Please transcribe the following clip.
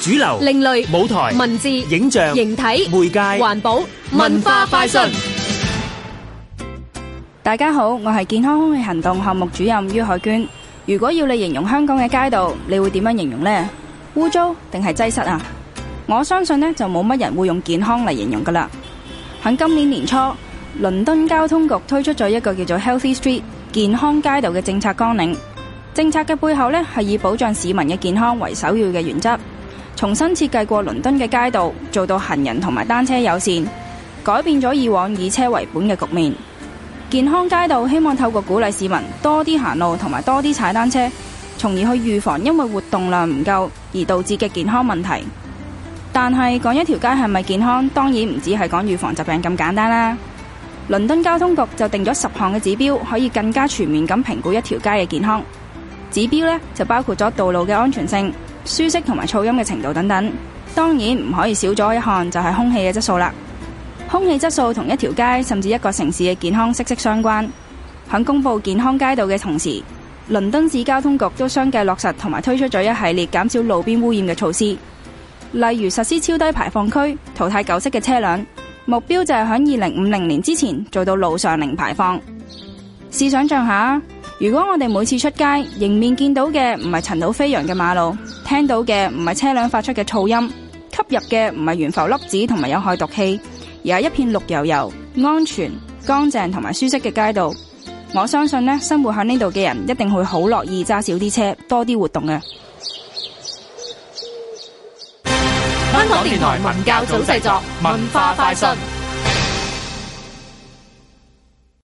主流、另類舞台、文字、影像、形體、媒介、環保、文化快訊。大家好，我係健康空氣行動項目主任于海娟。如果要你形容香港嘅街道，你會點樣形容呢？污糟定係擠塞啊？我相信呢，就冇乜人會用健康嚟形容噶啦。喺今年年初，倫敦交通局推出咗一個叫做 Healthy Street 健康街道嘅政策綱領。政策嘅背後呢，係以保障市民嘅健康為首要嘅原則。重新設計過倫敦嘅街道，做到行人同埋單車友善，改變咗以往以車為本嘅局面。健康街道希望透過鼓勵市民多啲行路同埋多啲踩單車，從而去預防因為活動量唔夠而導致嘅健康問題。但係講一條街係咪健康，當然唔止係講預防疾病咁簡單啦。倫敦交通局就定咗十項嘅指標，可以更加全面咁評估一條街嘅健康。指標呢就包括咗道路嘅安全性。舒適同埋噪音嘅程度等等，當然唔可以少咗一項就係空氣嘅質素啦。空氣質素同一條街甚至一個城市嘅健康息息相關。響公布健康街道嘅同時，倫敦市交通局都相繼落實同埋推出咗一系列減少路邊污染嘅措施，例如實施超低排放區、淘汰舊式嘅車輛，目標就係響二零五零年之前做到路上零排放。試想象下。如果我哋每次出街，迎面見到嘅唔係塵土飛揚嘅馬路，聽到嘅唔係車輛發出嘅噪音，吸入嘅唔係懸浮粒子同埋有害毒氣，而係一片綠油油、安全、乾淨同埋舒適嘅街道，我相信咧，生活響呢度嘅人一定會好樂意揸少啲車，多啲活動嘅。香港電台文教組製作，文化快訊。